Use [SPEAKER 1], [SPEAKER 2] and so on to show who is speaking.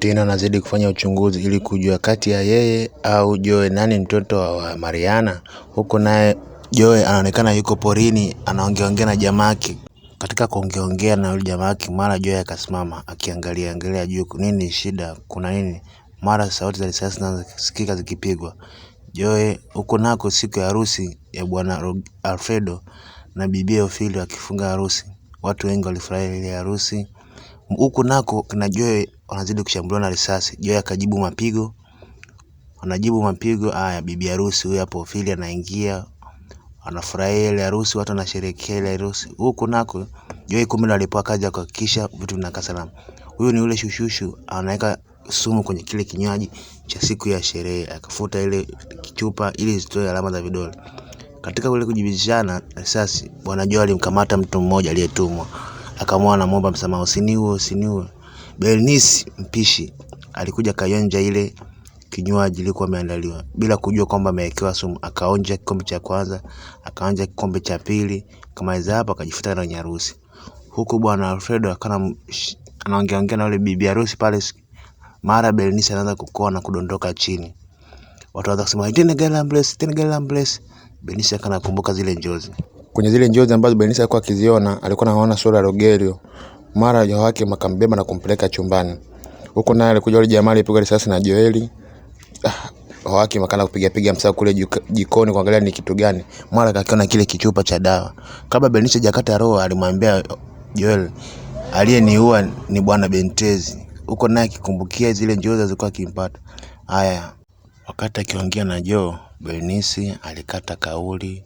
[SPEAKER 1] Tina anazidi kufanya uchunguzi ili kujua kati ya yeye au Joe nani mtoto wa Mariana, huku naye Joe anaonekana yuko porini anaongeaongea na jamaa Katika kuongeongea na yule jamaa mara Joe akasimama akiangalia angalia juu, nini shida, kuna nini? Mara sauti za risasi zinasikika zikipigwa. Joe huko nako siku ya harusi ya bwana Alfredo na bibi Ophelia wakifunga harusi, watu wengi walifurahi ile harusi. Huku nako kina Joy wanazidi kushambuliwa na risasi. Joy akajibu mapigo, anajibu mapigo haya. Bibi harusi huyo hapo, Ophelia anaingia, anafurahia ile harusi, watu wanasherehekea ile harusi. Huku nako Joy kumbe ndo alipoa kazi ya kuhakikisha vitu vinakaa salama. Huyu ni ule shushushu anaweka sumu kwenye kile kinywaji cha siku ya sherehe, akafuta ile chupa ili zitoe alama za vidole. Katika ule kujibizana risasi, bwana Joy alimkamata mtu mmoja aliyetumwa akaamua anamwomba msamaha, usiniue, usiniue. Bernice mpishi alikuja kaionja ile kinywaji ilikuwa imeandaliwa bila kujua kwamba amewekewa sumu. Akaonja kikombe cha kwanza, akaonja kikombe cha pili, kamaliza hapo akajifuta na nyarusi, huku bwana Alfredo akana anaongea ongea na yule bibi harusi pale. Mara Bernice anaanza kukoa na kudondoka chini, watu wanaanza kusema tena gala Galambless, tena gala Galambless. Bernice akana kumbuka zile njozi.
[SPEAKER 2] Kwenye zile njozi ambazo Benisa alikuwa akiziona, alikuwa anaona sura ya Rogelio. Mara Joho wake akambeba na kumpeleka chumbani. Huko naye alikuja yule jamaa alipiga risasi na Joeli. Ah, wake makana kupiga piga msako kule jikoni kuangalia ni kitu gani. Mara akakiona kile kichupa cha dawa. Kabla Benisa jakata roho alimwambia Joel, aliyeniua ni bwana Bentezi. Huko naye akikumbukia zile njozi zilikuwa akimpata. Haya,
[SPEAKER 1] wakati akiongea na Joe, Benisi alikata kauli.